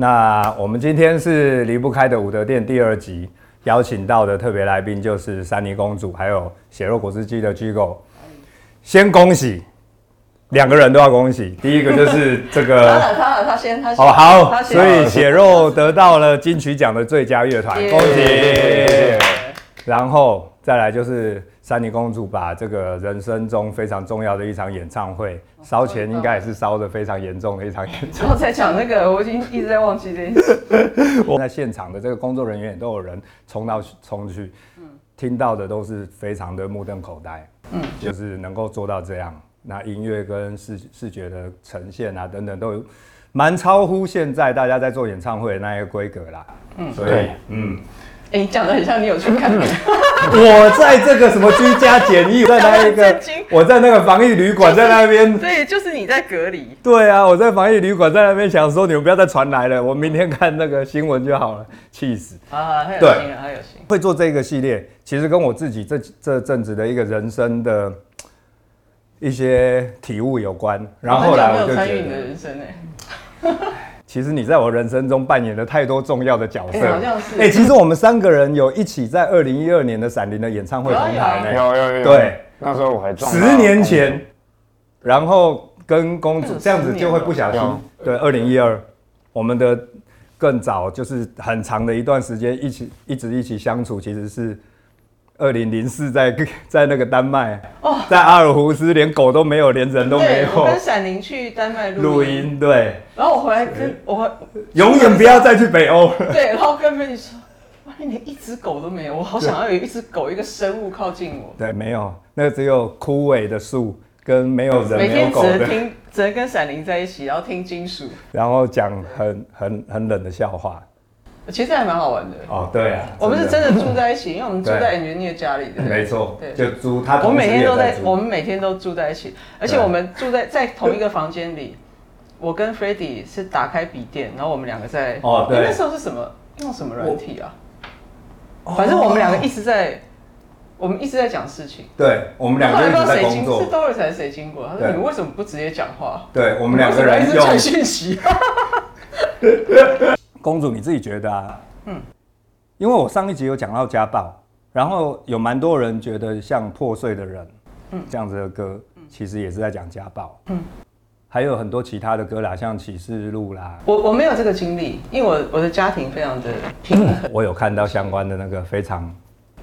那我們今天是離不開的武德殿第二集，邀請到的特別來賓就是珊妮公主，還有血肉果汁機的 GIGO。先恭喜兩個人，都要恭喜，第一個就是這個。他他先他先。哦，好。所以血肉得到了金曲獎的最佳樂團，恭喜。然後再來就是。珊妮公主把這個人生中非常重要的一場演唱會燒錢，應該也是燒的非常嚴重的一場演唱會。哦。我在講那個，我已經一直在忘記這件事。我在現場的這個工作人員也都有人衝到衝去，聽到的都是非常的目瞪口呆，嗯，就是能夠做到這樣，那音樂跟視視覺的呈現啊等等都有，都蠻超乎現在大家在做演唱會的那個規格啦，嗯，所以對，嗯。哎，講得很像你有去看。 我在這個什麼居家檢疫，我在那一個，我在那個防疫旅館在那邊。對，就是你在隔離。對啊，我在防疫旅館在那邊，想說你們不要再傳來了，我明天看那個新聞就好了，氣死。啊，還有心，還有心。會做這個系列，其實跟我自己這這陣子的一個人生的一些體悟有關。然後，後來我就參與你的人生哎。其實你在我人生中扮演了太多重要的角色，哎、欸欸，其實我們三個人有一起在二零一二年的閃靈的演唱會同台呢，有、啊、有、啊、有、啊，對，有、啊有啊對有啊，那時候我還撞十年前，然後跟公主這樣子就會不小心，啊、對，二零一二，我們的更早，就是很長的一段時間一起一直一起相處，其實是。二零零四在在那個丹麥哦，oh, 在阿爾胡斯連狗都沒有，連人都沒有。跟閃靈去丹麥錄音，對。然後我回來跟我會永遠不要再去北歐。 對，然後跟你說，外面連一隻狗都沒有，我好想要有一隻狗，一個生物靠近我。對，沒有，那個、只有枯萎的樹跟沒有人。有的每天只能聽，只能跟閃靈在一起，然後聽金屬，然後講很很很冷的笑話。其實還蠻好玩的哦，oh, 對啊，我們是真的住在一起，因為我們住在 Angeline 家裡的，沒錯，對，就租他的。我們每天都在，我們每天都住在一起，而且我們住在在同一個房間裡。我跟 Freddy 是打開筆電，然後我們兩個在哦，oh, 對、欸，那時候是什麼用什麼軟體啊？反正我們兩個一直在，oh. 我們一直在，我們一直在講事情。對，我們兩個人在工作，說誰經是都會才誰經過？他說你們為什麼不直接講話，話？對，我們兩個人用一直講信息。 公主，你自己覺得啊？嗯，因為我上一集有講到家暴，然後有蠻多人覺得像破碎的人，嗯，這樣子的歌，其實也是在講家暴，嗯，還有很多其他的歌啦，像《啟示錄》啦，我我沒有這個經歷，因為我我的家庭非常的平衡，我有看到相關的那個非常，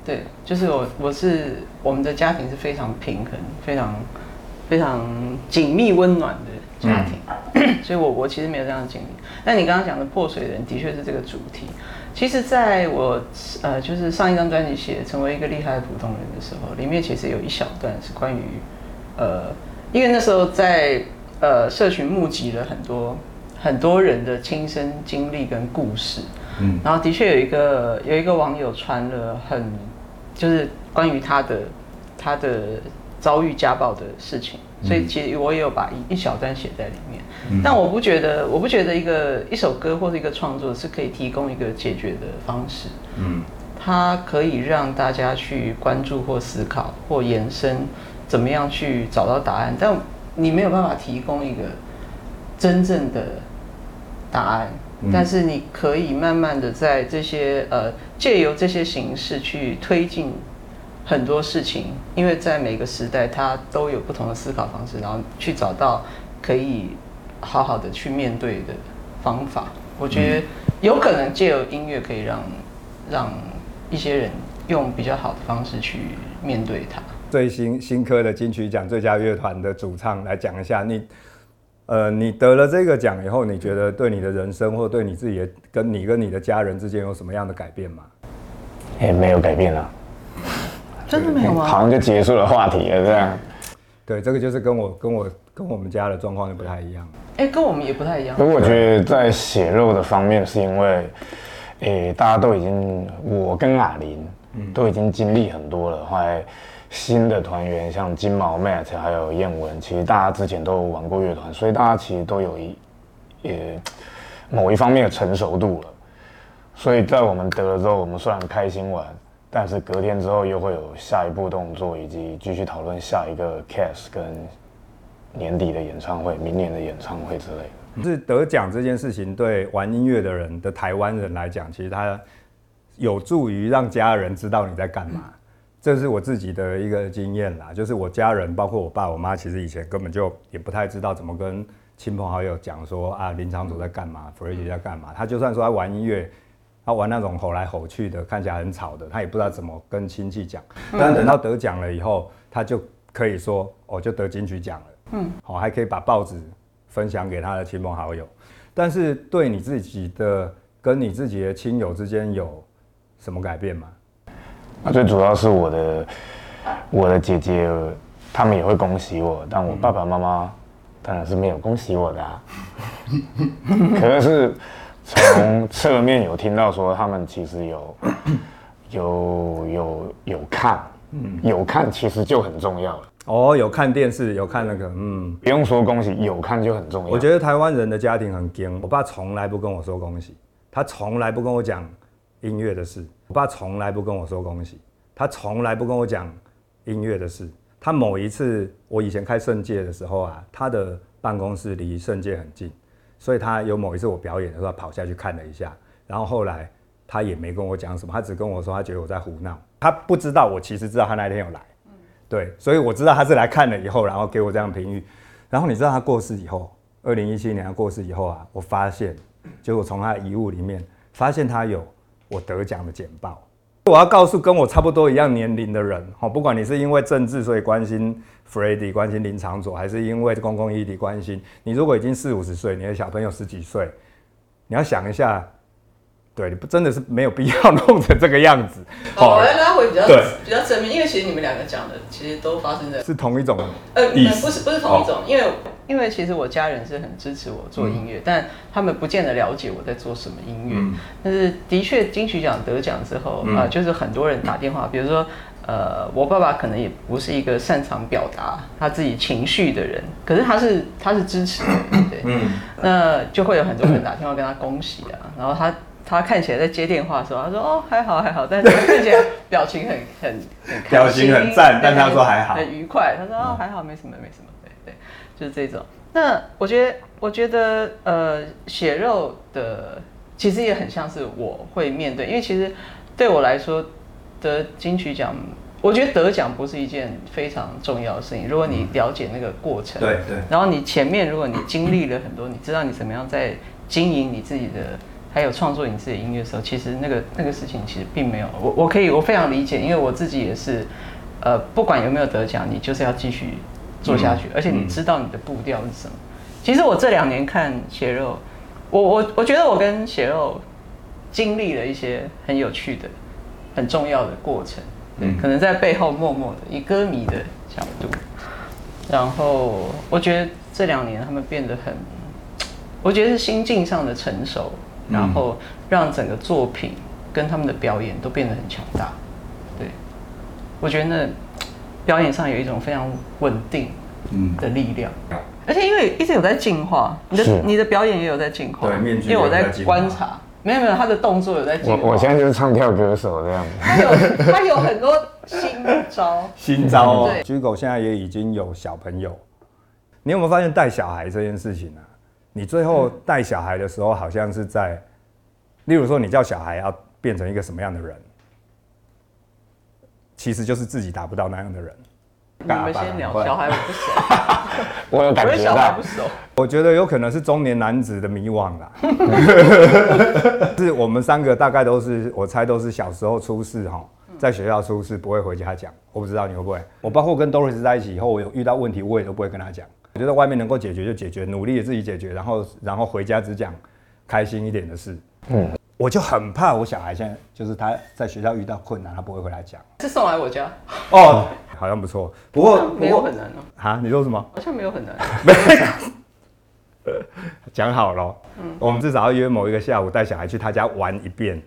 對，就是我我是我們的家庭是非常平衡、非常非常緊密溫暖的家庭，所以，我我其實沒有這樣的經歷。那你剛剛講的破水人的確是這個主題。其實，在我呃，就是上一張專輯寫《成為一個厲害的普通人》的時候，裡面其實有一小段是關於呃，因為那時候在呃，社群募集了很多很多人的親身經歷跟故事。嗯，然後的確有一個有一個網友傳了很，就是關於他的他的遭遇家暴的事情。所以，其實我也有把一一小段寫在裡面，嗯，但我不覺得，我不覺得一個一首歌或者一個創作是可以提供一個解決的方式。嗯，它可以讓大家去關注或思考或延伸，怎麼樣去找到答案。但你沒有辦法提供一個真正的答案，嗯，但是你可以慢慢的在這些呃借由這些形式去推進。很多事情，因為在每個時代，它都有不同的思考方式，然後去找到可以好好的去面對的方法。我覺得有可能借由音樂可以讓讓一些人用比較好的方式去面對它。最新新科的金曲獎最佳樂團的主唱來講一下，你呃，你得了這個獎以後，你覺得對你的人生或對你自己的，跟你跟你的家人之間有什麼樣的改變嗎？也沒有改變了。真的沒有嗎？啊？好、嗯、像就結束了話題了，這樣。對，這個就是跟我、跟我、跟我們家的狀況就不太一樣。哎、欸，跟我們也不太一樣。不過我覺得在血肉的方面，是因為，哎、欸，大家都已經，我跟阿林，都已經經歷很多了。後來新的團員像金毛、Matt，還有燕文，其實大家之前都有玩過樂團，所以大家其實都有一、欸，某一方面的成熟度了。所以在我們得了之後，我們雖然開心玩。但是隔天之後又會有下一步動作，以及繼續討論下一個 case 跟年底的演唱會、明年的演唱會之類的。是得獎這件事情對玩音樂的人的台灣人來講，其實它有助於讓家人知道你在幹嘛。這是我自己的一個經驗啦，就是我家人，包括我爸、我媽，其實以前根本就也不太知道怎麼跟親朋好友講說啊，林昶佐在幹嘛，Freddy 在幹嘛。他就算說他玩音樂。他、啊、玩那種吼來吼去的，看起來很吵的，他也不知道怎麼跟親戚講。但等到得獎了以後，他就可以說：“哦，就得金曲獎了。”嗯，好，還可以把報紙分享給他的親朋好友。但是對你自己的跟你自己的親友之間有什麼改變嗎？啊，最主要是我的我的姐姐，他們也會恭喜我，但我爸爸媽媽當然是沒有恭喜我的啊。 可是。從 側面有聽到說，他們其實有，有有有看，有看其實就很重要了。哦，有看電視，有看那個，嗯，不用說恭喜，有看就很重要。我覺得台灣人的家庭很 ㄍㄧㄥ 我爸從來不跟我說恭喜，他從來不跟我講音樂的事。我爸從來不跟我說恭喜，他從來不跟我講音樂的事。他某一次，我以前開聖界的時候啊，他的辦公室離聖界很近。所以他有某一次我表演的時候，跑下去看了一下，然後後來他也沒跟我講什麼，他只跟我說他覺得我在胡鬧，他不知道我其實知道他那天有來，對，所以我知道他是來看了以後，然後給我這樣評語，然後你知道他過世以後，二零一七年他過世以後啊，我發現，結果從他的遺物裡面發現他有我得獎的剪報。我要告訴跟我差不多一樣年齡的人，不管你是因為政治所以關心 Freddy、關心林昶佐，還是因為公共議題關心，你如果已經四五十歲，你的小朋友十幾歲，你要想一下，對，你不真的是沒有必要弄成這個樣子。好，我來拉回比較比較正面，因為其實你們兩個講的其實都發生在是同一種，呃，不是不是同一種，哦，因為。因為其實我家人是很支持我做音樂，嗯，但他們不見得了解我在做什麼音樂。嗯、但是的確金曲獎得獎之後啊、嗯呃，就是很多人打電話，嗯、比如說呃，我爸爸可能也不是一個擅長表達他自己情緒的人，可是他是他是支持的，對，嗯，那就會有很多人打電話跟他恭喜啊。然後他他看起來在接電話的時候，他說哦還好還好，但是看起來表情很很很開心，表情很讚，但他說還好，很愉快，他說哦還好沒什麼沒什麼，對對。就是這種，那我覺得，我覺得，呃，血肉的其實也很像是我會面對，因為其實對我來說，得金曲獎，我覺得得獎不是一件非常重要的事情。如果你了解那個過程，嗯、對對，然後你前面如果你經歷了很多，你知道你怎麼樣在經營你自己的，還有創作你自己的音樂的時候，其實那個那個事情其實並沒有。我我可以我非常理解，因為我自己也是，呃，不管有沒有得獎，你就是要繼續做下去，而且你知道你的步調是什麼。嗯、嗯，其實我這兩年看血肉，我我我覺得我跟血肉經歷了一些很有趣的、很重要的過程，對、嗯。可能在背後默默的以歌迷的角度，然後我覺得這兩年他們變得很，我覺得是心境上的成熟，然後讓整個作品跟他們的表演都變得很強大。對，我覺得那。表演上有一種非常穩定的力量，而且因為一直有在進化，你的你的表演也有在進化。對，因為我在觀察，沒有沒有他的動作有在進化。我我現在就是唱跳歌手這樣子。他有很多新招。 新招、喔。對，GIGO 現在也已經有小朋友。你有沒有發現帶小孩這件事情啊？你最後帶小孩的時候，好像是在，例如說你叫小孩要變成一個什麼樣的人。其實就是自己達不到那樣的人，啊。你們先聊，啊，小孩，不小孩 我，我小孩不熟，我有感覺啊。我覺得有可能是中年男子的迷惘啦。 是我們三個大概都是，我猜都是小時候出事哈，在學校出事不會回家講，我不知道你會不會。我包括跟 Doris 在一起以後，我有遇到問題，我也都不會跟他講。我覺得外面能夠解決就解決，努力也自己解決，然後然後回家只講開心一點的事。嗯。我就很怕我小孩現在就是他在學校遇到困難，他不會回來講。是送來我家？哦，好像不錯。不過不像沒有很難哦。啊，你說什麼？好像沒有很難。沒有。呃，講好了，嗯，我們至少要約某一個下午帶小孩去他家玩一遍。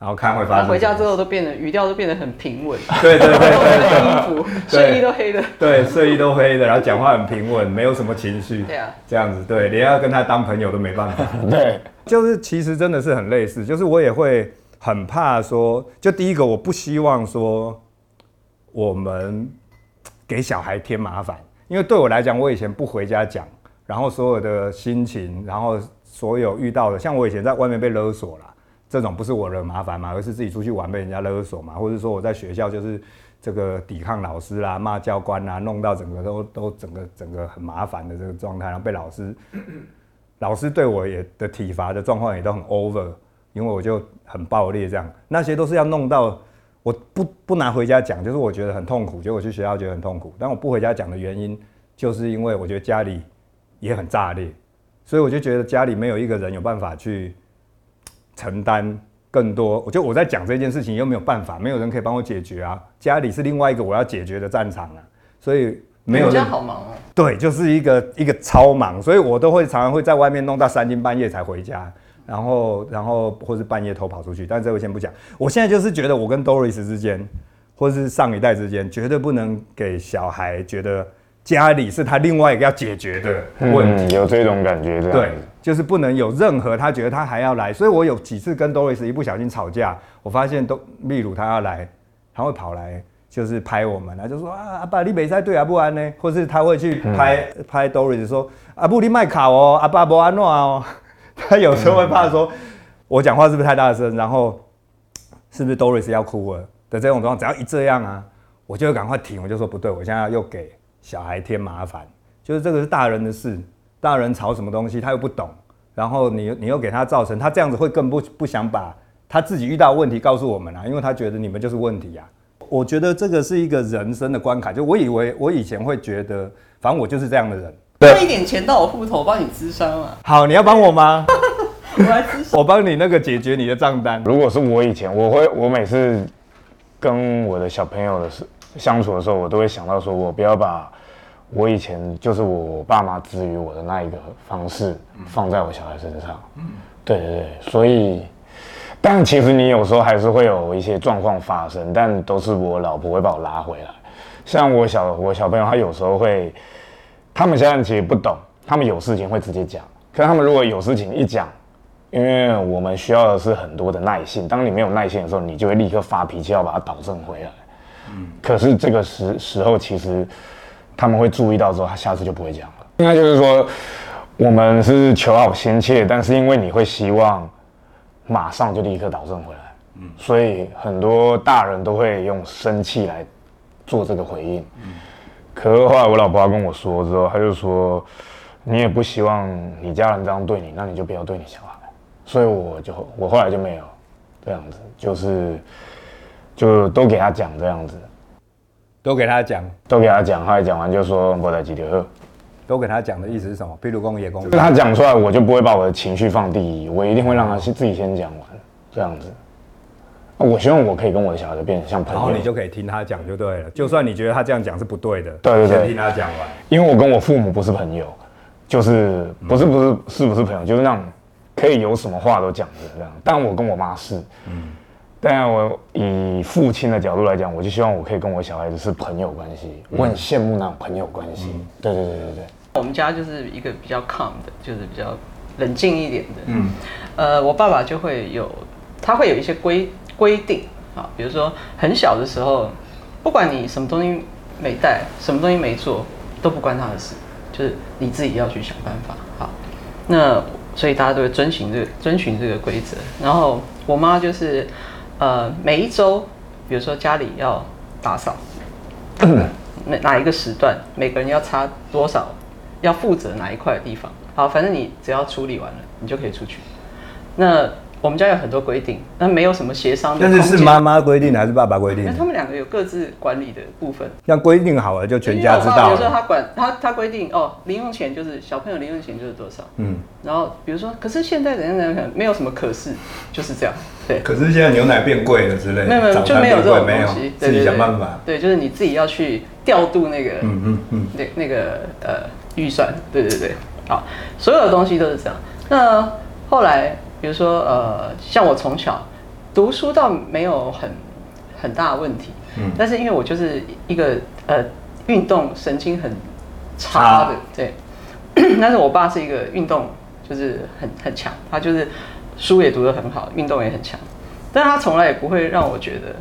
然後看會發生。回家之後都變得語調都變得很平穩。 對對對對，衣服 對。睡衣都黑的 對。對，睡衣都黑的，然後講話很平穩，沒有什麼情緒。對啊。這樣子，對，連要跟他當朋友都沒辦法。對， 對。就是其實真的是很類似，就是我也會很怕說，就第一個我不希望說我們給小孩添麻煩，因為對我來講，我以前不回家講，然後所有的心情，然後所有遇到的，像我以前在外面被勒索啦。這種不是我惹麻煩嘛，而是自己出去玩被人家勒索嘛，或者說我在學校就是這個抵抗老師啦、罵教官啦，弄到整個都都整個整個很麻煩的這個狀態，然後被老師咳咳老師對我也的體罰的狀況也都很 over，因為我就很爆裂這樣，那些都是要弄到我不不拿回家講，就是我覺得很痛苦，就我去學校覺得很痛苦，但我不回家講的原因就是因為我覺得家裡也很炸裂，所以我就覺得家裡沒有一個人有辦法去。承擔更多，我覺得我在講這件事情，又沒有辦法，沒有人可以幫我解決啊。家裡是另外一個我要解決的戰場啊，所以沒有人家好忙啊、哦，對，就是一個一個超忙，所以我都會常常會在外面弄到三更半夜才回家，然後然後或是半夜偷跑出去，但這個先不講。我現在就是覺得，我跟 Doris 之間，或是上一代之間，絕對不能給小孩覺得家裡是他另外一個要解決的問題，嗯、有這種感覺對。就是不能有任何他覺得他還要來，所以我有幾次跟 Doris 一不小心吵架，我發現都米魯他要來，他會跑來就是拍我們，他就說啊阿爸，你沒在對啊，不安呢，或是他會去拍、嗯、拍 Doris 說阿布、啊、你麥卡哦阿、啊、爸不安諾啊哦，他有時候會怕說我講話是不是太大聲，然後是不是 Doris 要哭了的這種狀況，只要一這樣啊，我就會趕快停，我就說不對，我現在又給小孩添麻煩，就是這個是大人的事。大人吵什麼東西，他又不懂，然後你你又給他造成，他這樣子會更不不想把他自己遇到問題告訴我們啊，因為他覺得你們就是問題呀、啊。我覺得這個是一個人生的關卡，就我以為我以前會覺得，反正我就是這樣的人。對，多一點錢到我戶頭幫你諮商啊。好，你要幫我嗎？ 我來諮商， 我幫你那個解決你的賬單。如果是我以前，我會我每次跟我的小朋友的相處的時候，我都會想到說我不要把。我以前就是我爸媽給予我的那一個方式放在我小孩身上，嗯，對對對，所以，但其實你有時候還是會有一些狀況發生，但都是我老婆會把我拉回來。像我小我小朋友，他有時候會，他們現在其實不懂，他們有事情會直接講，可是他們如果有事情一講，因為我們需要的是很多的耐性，當你沒有耐性的時候，你就會立刻發脾氣要把他導正回來。可是這個時時候其實。他們會注意到之後，他下次就不會講了。應該就是說，我們是求好心切，但是因為你會希望馬上就立刻導正回來，嗯，所以很多大人都會用生氣來做這個回應，嗯。可是後來我老婆他跟我說之後，他就說，你也不希望你家人這樣對你，那你就不要對你小孩。所以我就我後來就沒有這樣子，就是就都給他講這樣子。都給他講，都給他講，後來講完就說不在幾體喝。都給他講的意思是什麼？譬如說野公也公，跟他講出來我就不會把我的情緒放第一，我一定會讓他先自己先講完，這樣子。我希望我可以跟我的小孩變成像朋友，然後你就可以聽他講就對了。就算你覺得他這樣講是不對的，對對對，你先聽他講完。因為我跟我父母不是朋友，就是不是不是是不是朋友，就是那種可以有什麼話都講的這樣。但我跟我媽是，嗯。當然，我以父親的角度來講，我就希望我可以跟我小孩子是朋友關係。嗯、我很羨慕那種朋友關係。嗯、對對對對，對，對，我們家就是一個比較 calm 的，就是比較冷靜一點的。嗯，呃，我爸爸就會有，他會有一些規規定，比如說很小的時候，不管你什麼東西沒帶，什麼東西沒做，都不關他的事，就是你自己要去想辦法。好，那所以大家都會遵循這個、遵循這個規則。然後我媽就是。呃，每一週，比如說家裡要打掃， 哪一個時段，每個人要擦多少，要負責哪一塊地方。好，反正你只要處理完了，你就可以出去。那。我們家有很多規定，那沒有什麼協商的。但是是媽媽規定的、嗯、還是爸爸規定？那他們兩個有各自管理的部分。像規定好了就全家知道。就是他，他管他，他規定哦，零用錢就是小朋友零用錢就是多少，嗯。然後比如說，可是現在人家可能沒有什麼可是，就是這樣。對。可是現在牛奶變貴了之類的，沒有就沒有這種東西，自己想辦法對對對。對，就是你自己要去調度那個，嗯嗯嗯，那那個呃預算，對對對，好，所有的東西都是這樣。那後來。比如說，呃，像我從小讀書倒沒有很很大的問題，嗯，但是因為我就是一個呃運動神經很差的，對， 但是我爸是一個運動就是很很強，他就是書也讀得很好，運動也很強，但是他從來也不會讓我覺得，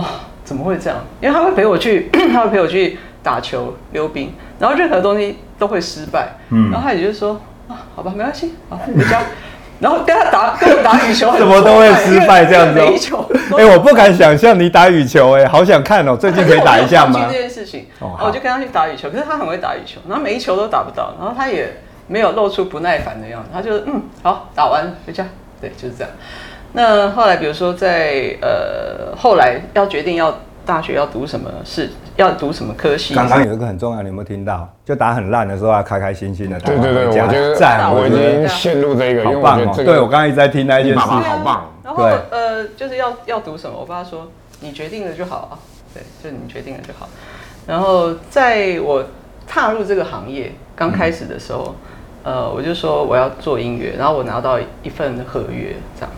哦，怎麼會這樣？因為他會陪我去，他會陪我去打球、溜冰，然後任何東西都會失敗，嗯，然後他也就是說，啊，好吧，沒關係，好，回家。 然後跟他打， 打羽球，什麼都會失敗這樣子哦。喔欸。我不敢想象你打羽球，欸，好想看哦，喔！最近可以打一下嗎？興 趣這件事情，哦，我就跟他去打羽球，可是他很會打羽球，然後每一球都打不到，然後他也沒有露出不耐煩的樣子，他就嗯，好，打完回家，對，就是這樣。那後來，比如說在呃，後來要決定要大學要讀什麼事？要讀什麼科系？剛剛有一個很重要，你有沒有聽到？就打很爛的時候、啊，要開開心心的打。對對對，我覺在我，我已經陷入這個，用這個。哦、對我剛才在聽那一件事。你爸爸好棒。啊、然後呃，就是要要讀什麼？我爸說你決定了就好啊。對，就你決定了就好。然後在我踏入這個行業剛開始的時候、嗯，呃，我就說我要做音樂，然後我拿到一份合約這樣，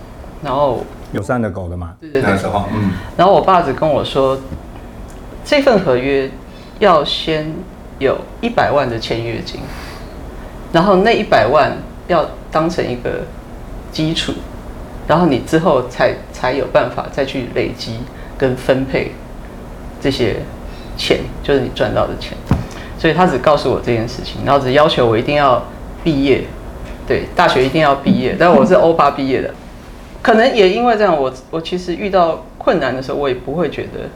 然後友善的狗的嘛。那時候，嗯。然後我爸只跟我說。這份合約要先有一百萬的簽約金，然後那一百萬要當成一個基礎，然後你之後才才有辦法再去累積跟分配這些錢，就是你賺到的錢。所以他只告訴我這件事情，然後只要求我一定要畢業，對，大學一定要畢業。但我是歐巴畢業的， 可能也因為這樣，我我其實遇到困難的時候，我也不會覺得。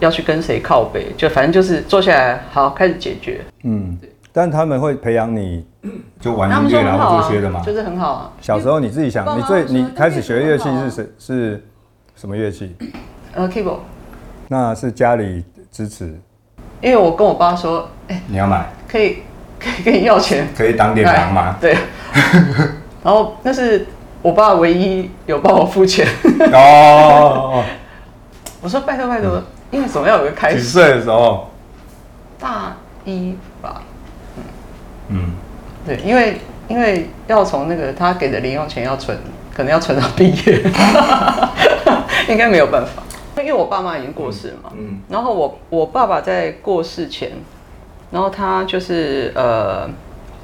要去跟誰靠北，就反正就是坐下來，好開始解決。嗯，但他們會培養你、嗯，就玩音樂、啊、這些的嘛，就是很好、啊。小時候你自己想，你最你開始學樂器是是、嗯、是什麼樂器？呃 Keyboard 那是家裡支持，因為我跟我爸說，哎、欸，你要買，可以可以跟你要錢，可以當點忙嘛。對， 然後那是我爸唯一有幫我付錢。哦， 我說拜託拜託、嗯。因為總要有個開始。幾歲的時候？大一吧。嗯。嗯。對，因為因為要從那個他給的零用錢要存，可能要存到畢業， 應該沒有辦法。因為我爸媽已經過世了嘛。嗯。然後我我爸爸在過世前，然後他就是呃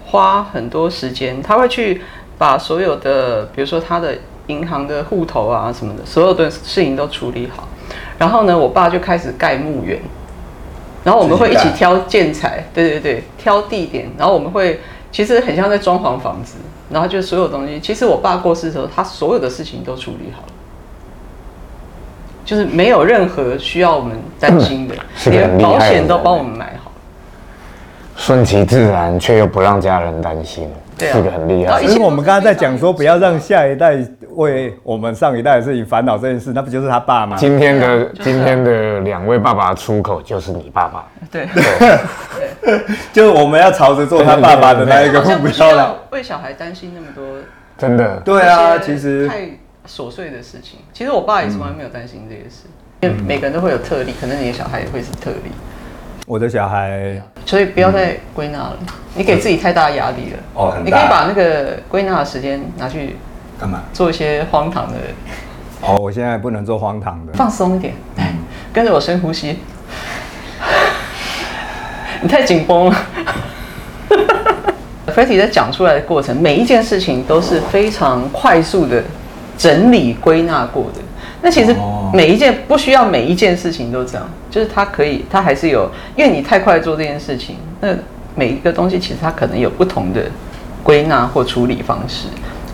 花很多時間，他會去把所有的，比如說他的銀行的戶頭啊什麼的，所有的事情都處理好。然後呢，我爸就開始蓋墓園，然後我們會一起挑建材，對對對，挑地點，然後我們會其實很像在裝潢房子，然後就所有東西。其實我爸過世的時候，他所有的事情都處理好，就是沒有任何需要我們擔心的，嗯的，連保險都幫我們買好。順其自然，卻又不讓家人擔心，對啊、是個很厲害。因為我們剛才在講說，不要讓下一代。為我們上一代的事情煩惱這件事，那不就是他爸嗎？今天的、就是、今天的兩位爸爸的出口就是你爸爸。對，對對 就我們要朝着做他爸爸的那一個目標了。為小孩擔心那麼多，真的？對啊，其實太瑣碎的事情。其實我爸也從來沒有擔心這些事，因為每個人都會有特例，可能你的小孩也會是特例。我的小孩，所以不要再歸納了。你給自己太大壓力了哦，你可以把那個歸納的時間拿去。幹嘛？做一些荒唐的人哦。哦，我現在不能做荒唐的。放鬆一點，嗯、跟着我深呼吸。 你太緊繃了。Fatty 在講出來的過程，每一件事情都是非常快速的整理歸納過的。那其實每一件、哦、不需要每一件事情都這樣，就是他可以，他還是有，因為你太快做這件事情，那每一個東西其實它可能有不同的歸納或處理方式。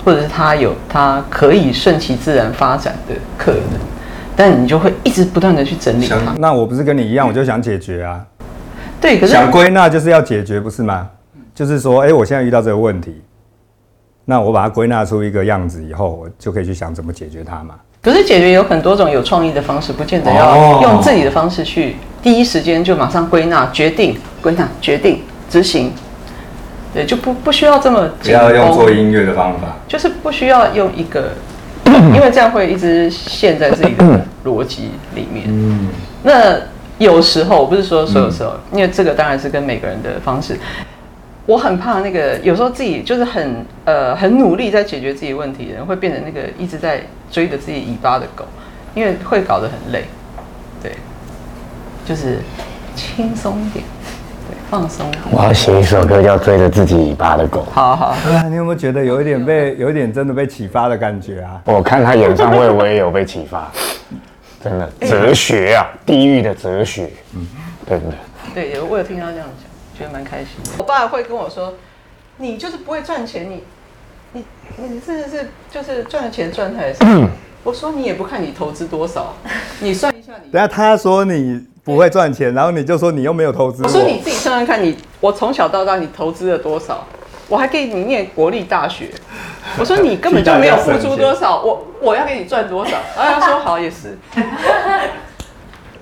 或者是他有他可以順其自然發展的可能，嗯、但你就會一直不斷的去整理它。那我不是跟你一樣，我就想解決啊？嗯、對，可是想歸納就是要解決，不是嗎？嗯、就是說，哎、欸，我現在遇到這個問題，那我把它歸納出一個樣子以後，我就可以去想怎麼解決它嘛。可是解決有很多種有創意的方式，不見得要用自己的方式去第一時間就馬上歸納、決定、歸納、決定、執行。對，就不不需要這麼。不要用做音樂的方法。就是不需要用一個， 呃、因為這樣會一直陷在自己的邏輯裡面。 那有時候，不是說所有時候， 因為這個當然是跟每個人的方式。我很怕那個，有時候自己就是很呃很努力在解決自己問題的人，會變成那個一直在追着自己尾巴的狗，因為會搞得很累。對，就是輕鬆一點。放鬆，我要寫一首歌叫《要追着自己尾巴的狗》。好好，對啊，你有沒有覺得有一點被，有一點真的被啟發的感覺啊？我看他演唱會，我也有被啟發， 真的哲學啊，欸，地獄的哲學，嗯，對不對？對，有，我有聽他這樣講，覺得蠻開心。我爸會跟我說，你就是不會賺錢，你，你，你甚至是就是賺了錢賺太少。嗯，我說你也不看你投資多少，你算一下你，等下他說你。不會賺錢，然後你就說你又沒有投資。我說你自己算算看，看你，你我從小到大你投資了多少？我還給你念國立大學。我說你根本就沒有付出多少，我我要給你賺多少？然後他說 好也是。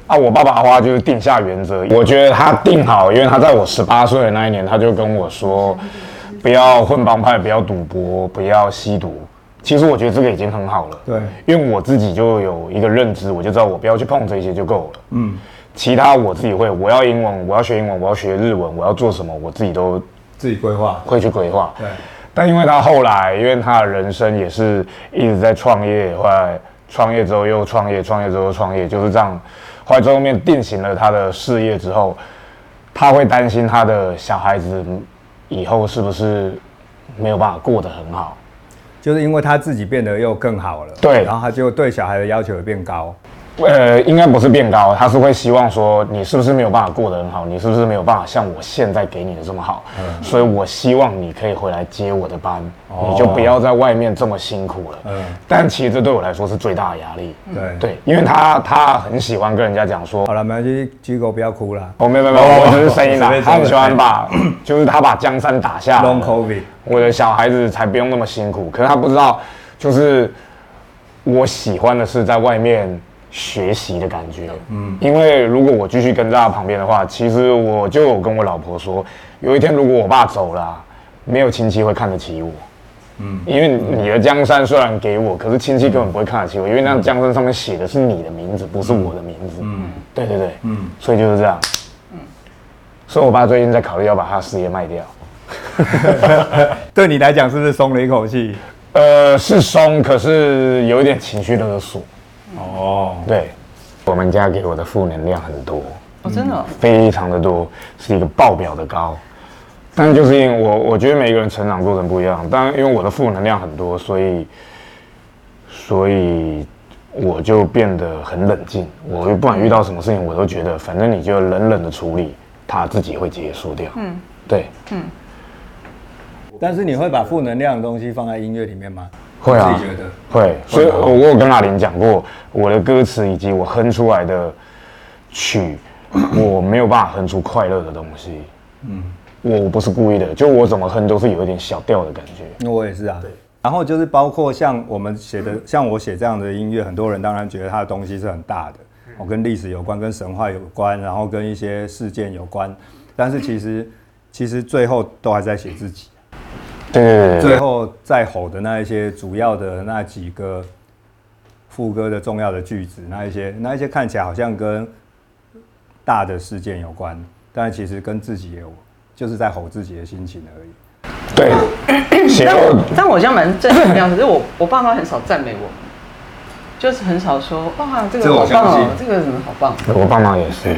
啊，我爸爸的話就是定下原則，我覺得他定好，因為他在我十八歲的那一年，他就跟我說不要混幫派，不要賭博，不要吸毒。其實我覺得這個已經很好了。對，因為我自己就有一個認知，我就知道我不要去碰這些就夠了。嗯。其他我自己會，我要英文，我要學英文，我要學日文，我要做什麼，我自己都自己規劃，會去規劃。對，但因為他後來，因為他的人生也是一直在創業，後來創業之後又創業，創業之後創業，就是這樣，後來最後面定型了他的事業之後，他會擔心他的小孩子以後是不是沒有辦法過得很好，就是因為他自己變得又更好了，對，然後他就對小孩的要求也變高。呃，應該不是變高，他是會希望說你是不是沒有辦法過得很好，你是不是沒有辦法像我現在給你的這麼好，嗯、所以我希望你可以回來接我的班，哦，你就不要在外面這麼辛苦了。嗯，但其實這對我來說是最大的壓力。對、嗯、對，因為他他很喜歡跟人家講說，嗯、好了，沒關係，GIGO 不要哭了。我、哦、沒有沒有，我就是聲音大。他很喜歡把就是他把江山打下，我的小孩子才不用那麼辛苦。可是他不知道，就是我喜歡的是在外面。學習的感覺，嗯，因為如果我繼續跟在他旁邊的話，其實我就有跟我老婆說，有一天如果我爸走了，沒有親戚會看得起我，嗯，因為你的江山雖然給我，可是親戚根本不會看得起我，嗯、因為那江山上面寫的是你的名字、嗯，不是我的名字，嗯，對對對，嗯，所以就是這樣，嗯，所以我爸最近在考慮要把他的事業賣掉， 對你來講是不是鬆了一口氣？呃，是鬆，可是有一點情緒勒索。哦，對，我們家給我的負能量很多，哦，真的哦，非常的多，是一個爆表的高。但就是因為我，我覺得每個人成長過程不一樣，但因為我的負能量很多，所以，所以我就變得很冷靜。我不管遇到什麼事情，我都覺得反正你就冷冷的處理，他自己會結束掉。嗯，對，嗯。但是你會把負能量的東西放在音樂裡面嗎？會啊會，會，所以我有跟阿玲講過，我的歌詞以及我哼出來的曲，我沒有辦法哼出快樂的東西。嗯，我不是故意的，就我怎麼哼都是有一點小調的感覺。那我也是啊。對。然後就是包括像我們寫的、嗯，像我寫這樣的音樂，很多人當然覺得它的東西是很大的，我、哦、跟歷史有關，跟神話有關，然後跟一些事件有關。但是其實、嗯、其實最後都還是在寫自己。對對對對，最後在吼的那一些主要的那幾個副歌的重要的句子，那一些那一些看起來好像跟大的事件有關，但其實跟自己也有，就是在吼自己的心情而已。對，我但，但我像蠻正能量的，因為我我爸媽很少讚美我，就是很少說哇這個好棒啊，這個怎麼好棒？我爸媽也是，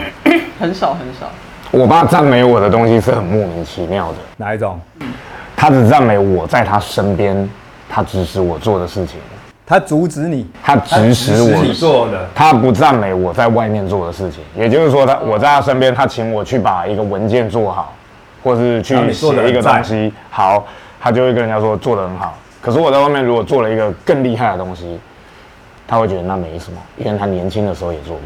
很少很少。我爸讚美我的東西是很莫名其妙的，哪一種？嗯他只讚美我在他身邊，他指使我做的事情，他阻止你，他指使我指使做的，他不讚美我在外面做的事情。也就是說，他我在他身邊，他請我去把一個文件做好，或是去寫一個東西好，他就會跟人家說做得很好。可是我在外面如果做了一個更厲害的東西，他會覺得那沒什麼，因為他年輕的時候也做過，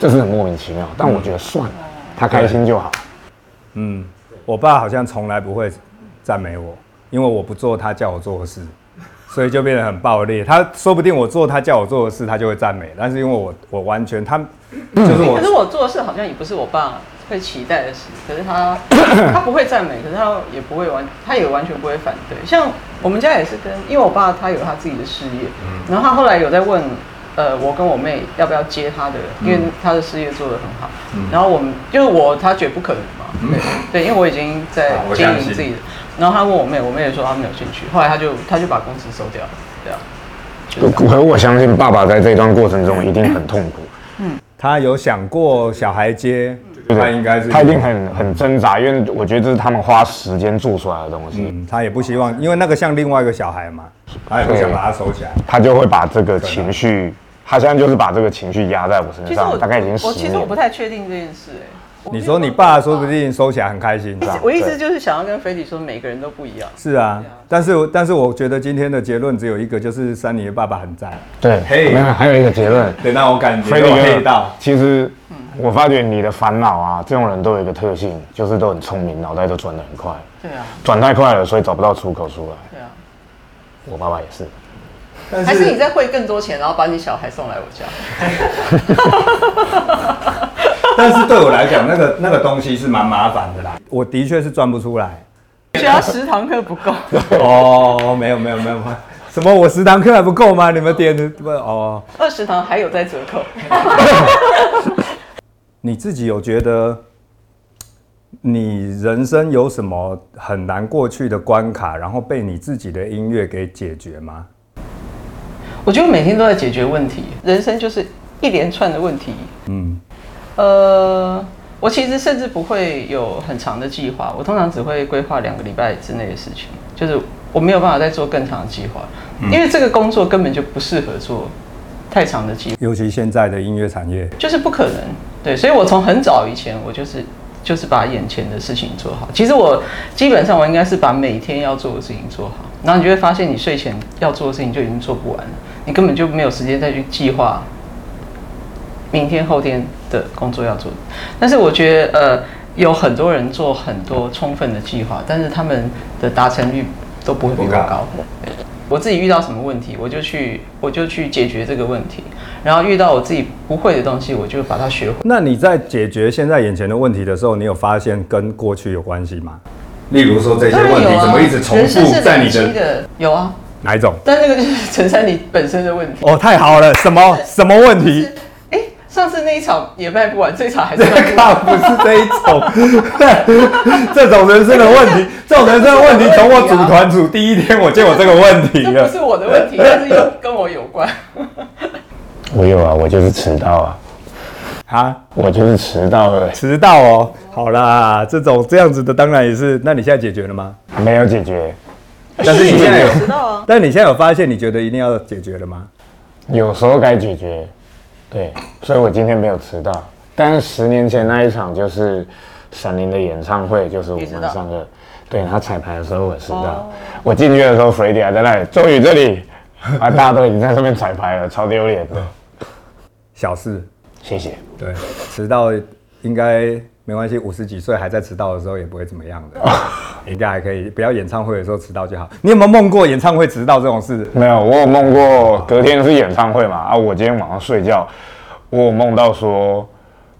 這是很莫名其妙。但我覺得算了、嗯，他開心就好。嗯，我爸好像從來不會。讚美我，因為我不做他叫我做的事，所以就變得很暴力。他說不定我做他叫我做的事，他就會讚美。但是因為我我完全他就是我，可是我做的事好像也不是我爸會期待的事。可是他他不會讚美，可是他也不會完，他也完全不會反對。像我們家也是跟，因為我爸他有他自己的事業，嗯，然後他後來有在問，呃，我跟我妹要不要接他的人，因為他的事業做得很好。嗯，然後我們就是我，他覺得不可能嘛，嗯，對，對，因為我已經在經營自己的。然後他問我妹，我妹也說他沒有興趣。後來他就他就把公司收掉了，對啊，就是。我相信爸爸在這段過程中一定很痛苦。嗯，他有想過小孩接，嗯，他應該是他一定很很掙扎，因為我覺得這是他們花時間做出來的東西。嗯，他也不希望，因為那個像另外一個小孩嘛，他也不想把它收起來，他就會把這個情緒，他現在就是把這個情緒壓在我身上，其實大概已經。我其實我不太確定這件事，欸，哎。你說，你爸說不定收起來很開心。我是吧，我意思就是想要跟 Freddy 說，每個人都不一樣。是啊，但是我但是我覺得今天的結論只有一個，就是珊妮的爸爸很讚。對，hey, 沒有還有一個結論。 對，那我感覺 Freddy 可到。其實、嗯、我發覺你的煩惱啊，這種人都有一個特性，就是都很聰明，腦袋都轉的很快。對啊，轉太快了，所以找不到出口出來。對啊，我爸爸也是。是還是你在匯更多錢，然後把你小孩送來我家。 但是對我來講，那個那個東西是蠻麻煩的啦。我的確是鑽不出來，需要十堂課不夠。 哦，沒有沒有沒有，什麼我十堂課還不夠嗎？你們點的不哦？二十堂還有在折扣。 你自己有覺得你人生有什麼很難過去的關卡，然後被你自己的音樂給解決嗎？我覺得每天都在解決問題，人生就是一連串的問題。 嗯。呃，我其實甚至不會有很長的計劃，我通常只會規劃兩個禮拜之內的事情，就是我沒有辦法再做更長的計劃，嗯，因為這個工作根本就不適合做太長的計劃。尤其現在的音樂產業就是不可能。對，所以我從很早以前我就是就是把眼前的事情做好。其實我基本上我應該是把每天要做的事情做好，然後你就會發現你睡前要做的事情就已經做不完了，你根本就沒有時間再去計劃，明天後天的工作要做，但是我覺得，呃，有很多人做很多充分的計劃，但是他們的達成率都不會比我高。我自己遇到什麼問題，我就去，我就去解決這個問題。然後遇到我自己不會的東西，我就把它學會。那你在解決現在眼前的問題的時候，你有發現跟過去有關係嗎？例如說這些問題、啊、怎麼一直重複在你的，的？有啊，哪一種？但那個就是陳珊你本身的問題。哦，太好了，什麼什麼問題？ 上次那一場也賣不完，這一場還是看不、這個、不是這一種， 這種人生的問題， 這種人生的問題從我組團組第一天我就有這個問題了，不是我的問題，但是又跟我有關。 我有啊，我就是遲到啊，我就是遲到了，遲到哦。好啦，這種這樣子的當然也是，那你現在解決了嗎？沒有解決，但是你現在有遲 到，啊，但你現在有發現你覺得一定要解決了嗎？有時候該解決。對，所以我今天沒有遲到。但是十年前那一場就是閃靈的演唱會，就是我們三個，對，他彩排的時候我遲到，哦、我進去的時候 Freddy、嗯、還在那裡，周宇這裡， 啊大家都已經在上面彩排了，超丟臉的，小事，謝謝。對，遲到應該。沒關係，五十幾歲還在遲到的時候也不會怎麼樣的， 應該還可以。不要演唱會的時候遲到就好。你有沒有夢過演唱會遲到這種事？沒有，我有夢過。隔天是演唱會嘛，啊，我今天晚上睡覺，我有夢到說，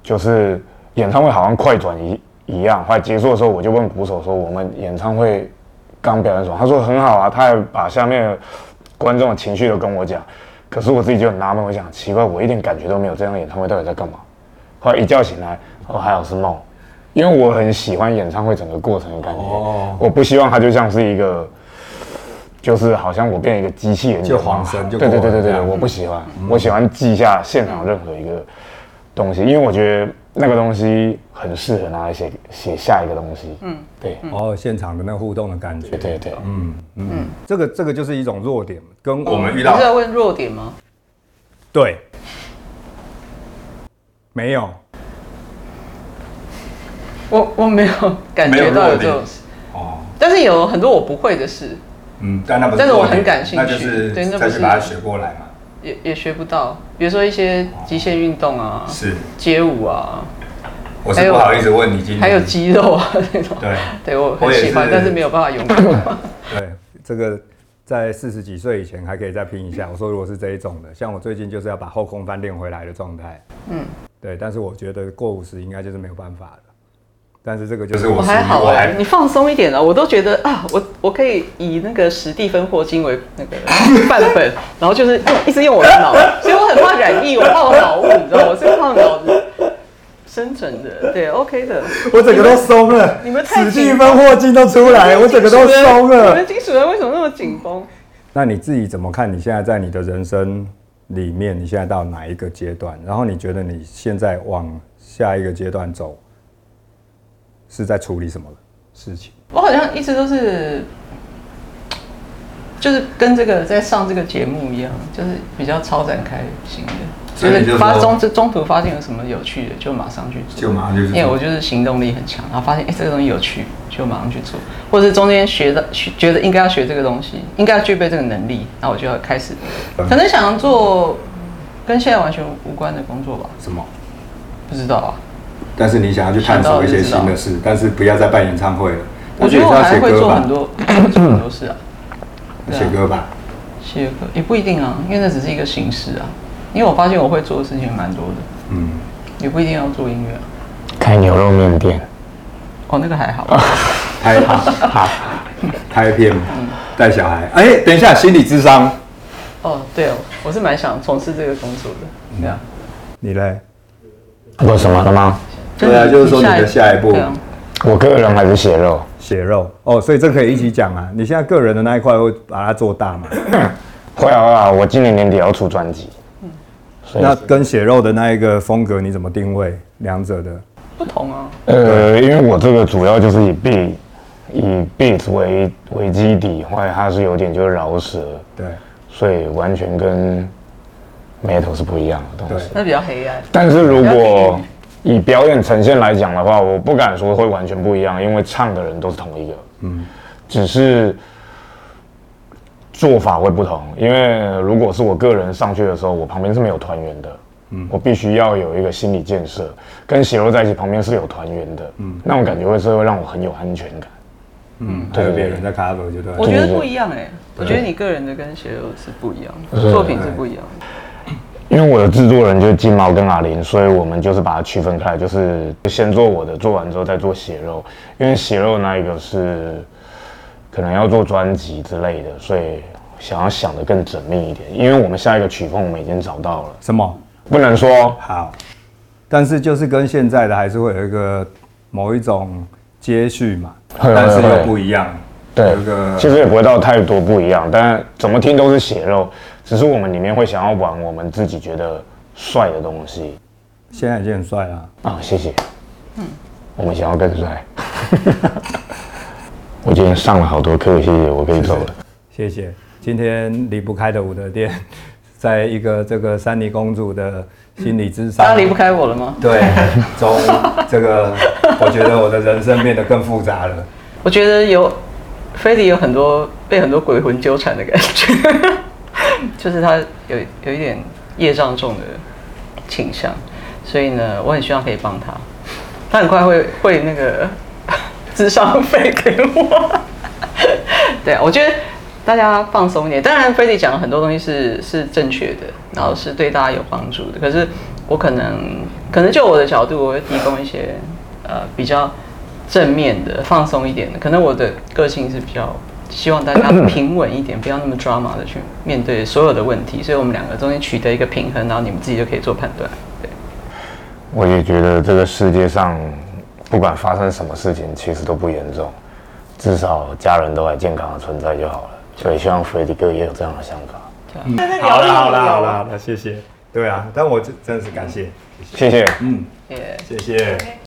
就是演唱會好像快轉移一樣，快結束的時候，我就問鼓手說：“我們演唱會剛表演完。”他說：“很好啊。”他還把下面觀眾的情緒都跟我講。可是我自己就很納悶，我想奇怪，我一點感覺都沒有，這樣的演唱會到底在幹嘛？後來一覺醒來。哦，還有是夢，因為我很喜歡演唱會整個過程的感覺。哦，我不希望它就像是一個，就是好像我變一個機器人有有，就黃生就一，對對對對對，嗯、我不喜歡，嗯、我喜歡記下現場任何一個東西、嗯，因為我覺得那個東西很適合拿來寫寫、嗯、下一個東西。嗯，對、嗯。哦，現場的那個互動的感覺。對對，對，嗯嗯，嗯，嗯，這個這個就是一種弱點，跟我們遇到在、嗯、問弱點嗎？對，沒有。我我沒有感覺到有這種事有，哦，但是有很多我不會的事，嗯，但是，但是我很感興趣，那就是，對那不是再去把它學過來嘛，也也學不到，比如說一些極限運動啊，哦、是街舞啊，我是不好意思問你今天還，還有肌肉啊那種，對對，我很喜歡，但是沒有辦法擁有。 對，這個在四十幾歲以前還可以再拼一下。我說，如果是這一種的，像我最近就是要把後空翻練回來的狀態，嗯，對，但是我覺得過五十應該就是沒有辦法了。但是這個就是我還好、啊，你放鬆一點了、喔。我都覺得啊，我我可以以那個史蒂芬霍金為那個範本， 然後就是一直用我的腦，所以我很怕染疫，我怕腦霧，你知道嗎？我是靠腦子生存的，對，OK 的。我整個都鬆了，你們史蒂芬霍金都出來，我整個都鬆了。你們金屬人為什麼那麼緊繃、嗯？那你自己怎麼看你現在在你的人生裡面？你現在到哪一個階段？然後你覺得你現在往下一個階段走？是在處理什麼事情？我好像一直都是，就是跟這個在上這個節目一樣，就是比較超展開型的，就是發中中途發現有什麼有趣的，就馬上去做，就馬上去做，因為我就是行動力很強。然後發現哎，這個東西有趣，就馬上去做，或者是中間學到覺得應該要學這個東西，應該要具備這個能力，那我就要開始。可能想要做跟現在完全無關的工作吧？什麼？不知道啊。但是你想要去探索一些新的事，但是不要再辦演唱會了。我覺得我還會做很多很多事啊，寫歌吧。寫歌也、欸、不一定啊，因為那只是一個形式啊。因為我發現我會做的事情蠻多的。嗯，也不一定要做音樂、啊、開牛肉麵店。哦，那個還好。開 好，開店，帶、嗯、小孩。哎、欸，等一下，心理諮商。哦，對哦，我是蠻想從事這個工作的。對啊。你嘞？我什麼了嗎？對啊，就是說你的下一步，一步我個人還是血肉，血肉哦，所以這可以一起講啊？你現在個人的那一塊會把它做大嗎？會啊，我今年年底要出專輯。嗯，那跟血肉的那一個風格你怎麼定位兩者的不同啊？呃，因為我這個主要就是以 Beat 以 Beat 為為基底，因為它是有點就饒舌，對，所以完全跟 Metal 是不一樣的東西。那比較黑暗。但是如果以表演呈現來講的話，我不敢說會完全不一樣，因為唱的人都是同一個。嗯，只是做法會不同。因為如果是我個人上去的時候，我旁邊是沒有團員的。嗯，我必須要有一個心理建設。跟血肉在一起，旁邊是有團員的。嗯，那種感覺會是會讓我很有安全感。嗯，對，別人在卡對。我覺得不一樣哎、欸，我覺得你個人的跟血肉是不一樣，作品是不一樣的。因為我的製作人就是金毛跟阿林，所以我們就是把它區分開，就是先做我的，做完之後再做血肉。因為血肉那一個是可能要做專輯之類的，所以想要想得更縝密一點。因為我們下一個曲風我們已經找到了，什麼不能說好，但是就是跟現在的還是會有一個某一種接續嘛，嘿嘿嘿，但是又不一樣。對，其實也不會到太多不一樣，但怎麼聽都是血肉。只是我們裡面會想要玩我們自己覺得帥的東西，現在已經很帥了啊！謝謝，嗯，我們想要更帥。 我今天上了好多課，謝謝，我可以走了。是是謝謝，今天離不開的武德殿，在一個這個珊妮公主的心理諮商。她、嗯、離不開我了嗎？對，從 這個我覺得我的人生變得更複雜了。 我覺得有非得有很多被很多鬼魂糾纏的感覺。 就是他有有一點業障重的傾向，所以呢，我很希望可以幫他，他很快會會那個諮商費給我。 對，我覺得大家放鬆一點。當然，Freddy 講了很多東西是是正確的，然後是對大家有幫助的。可是我可能可能就我的角度，我會提供一些呃比較正面的、放鬆一點的。可能我的個性是比較。希望大家平穩一點，不要那麼抓馬的去面對所有的問題，所以我們兩個中間取得一個平衡，然後你們自己就可以做判斷。對，我也覺得這個世界上，不管發生什麼事情，其實都不嚴重，至少家人都還健康的存在就好了。所以希望 Freddy 哥也有這樣的想法。嗯。好了好了好了，謝謝。對啊，但我真真的是感謝，謝謝，嗯，謝謝。嗯 Yeah. 謝謝 Okay.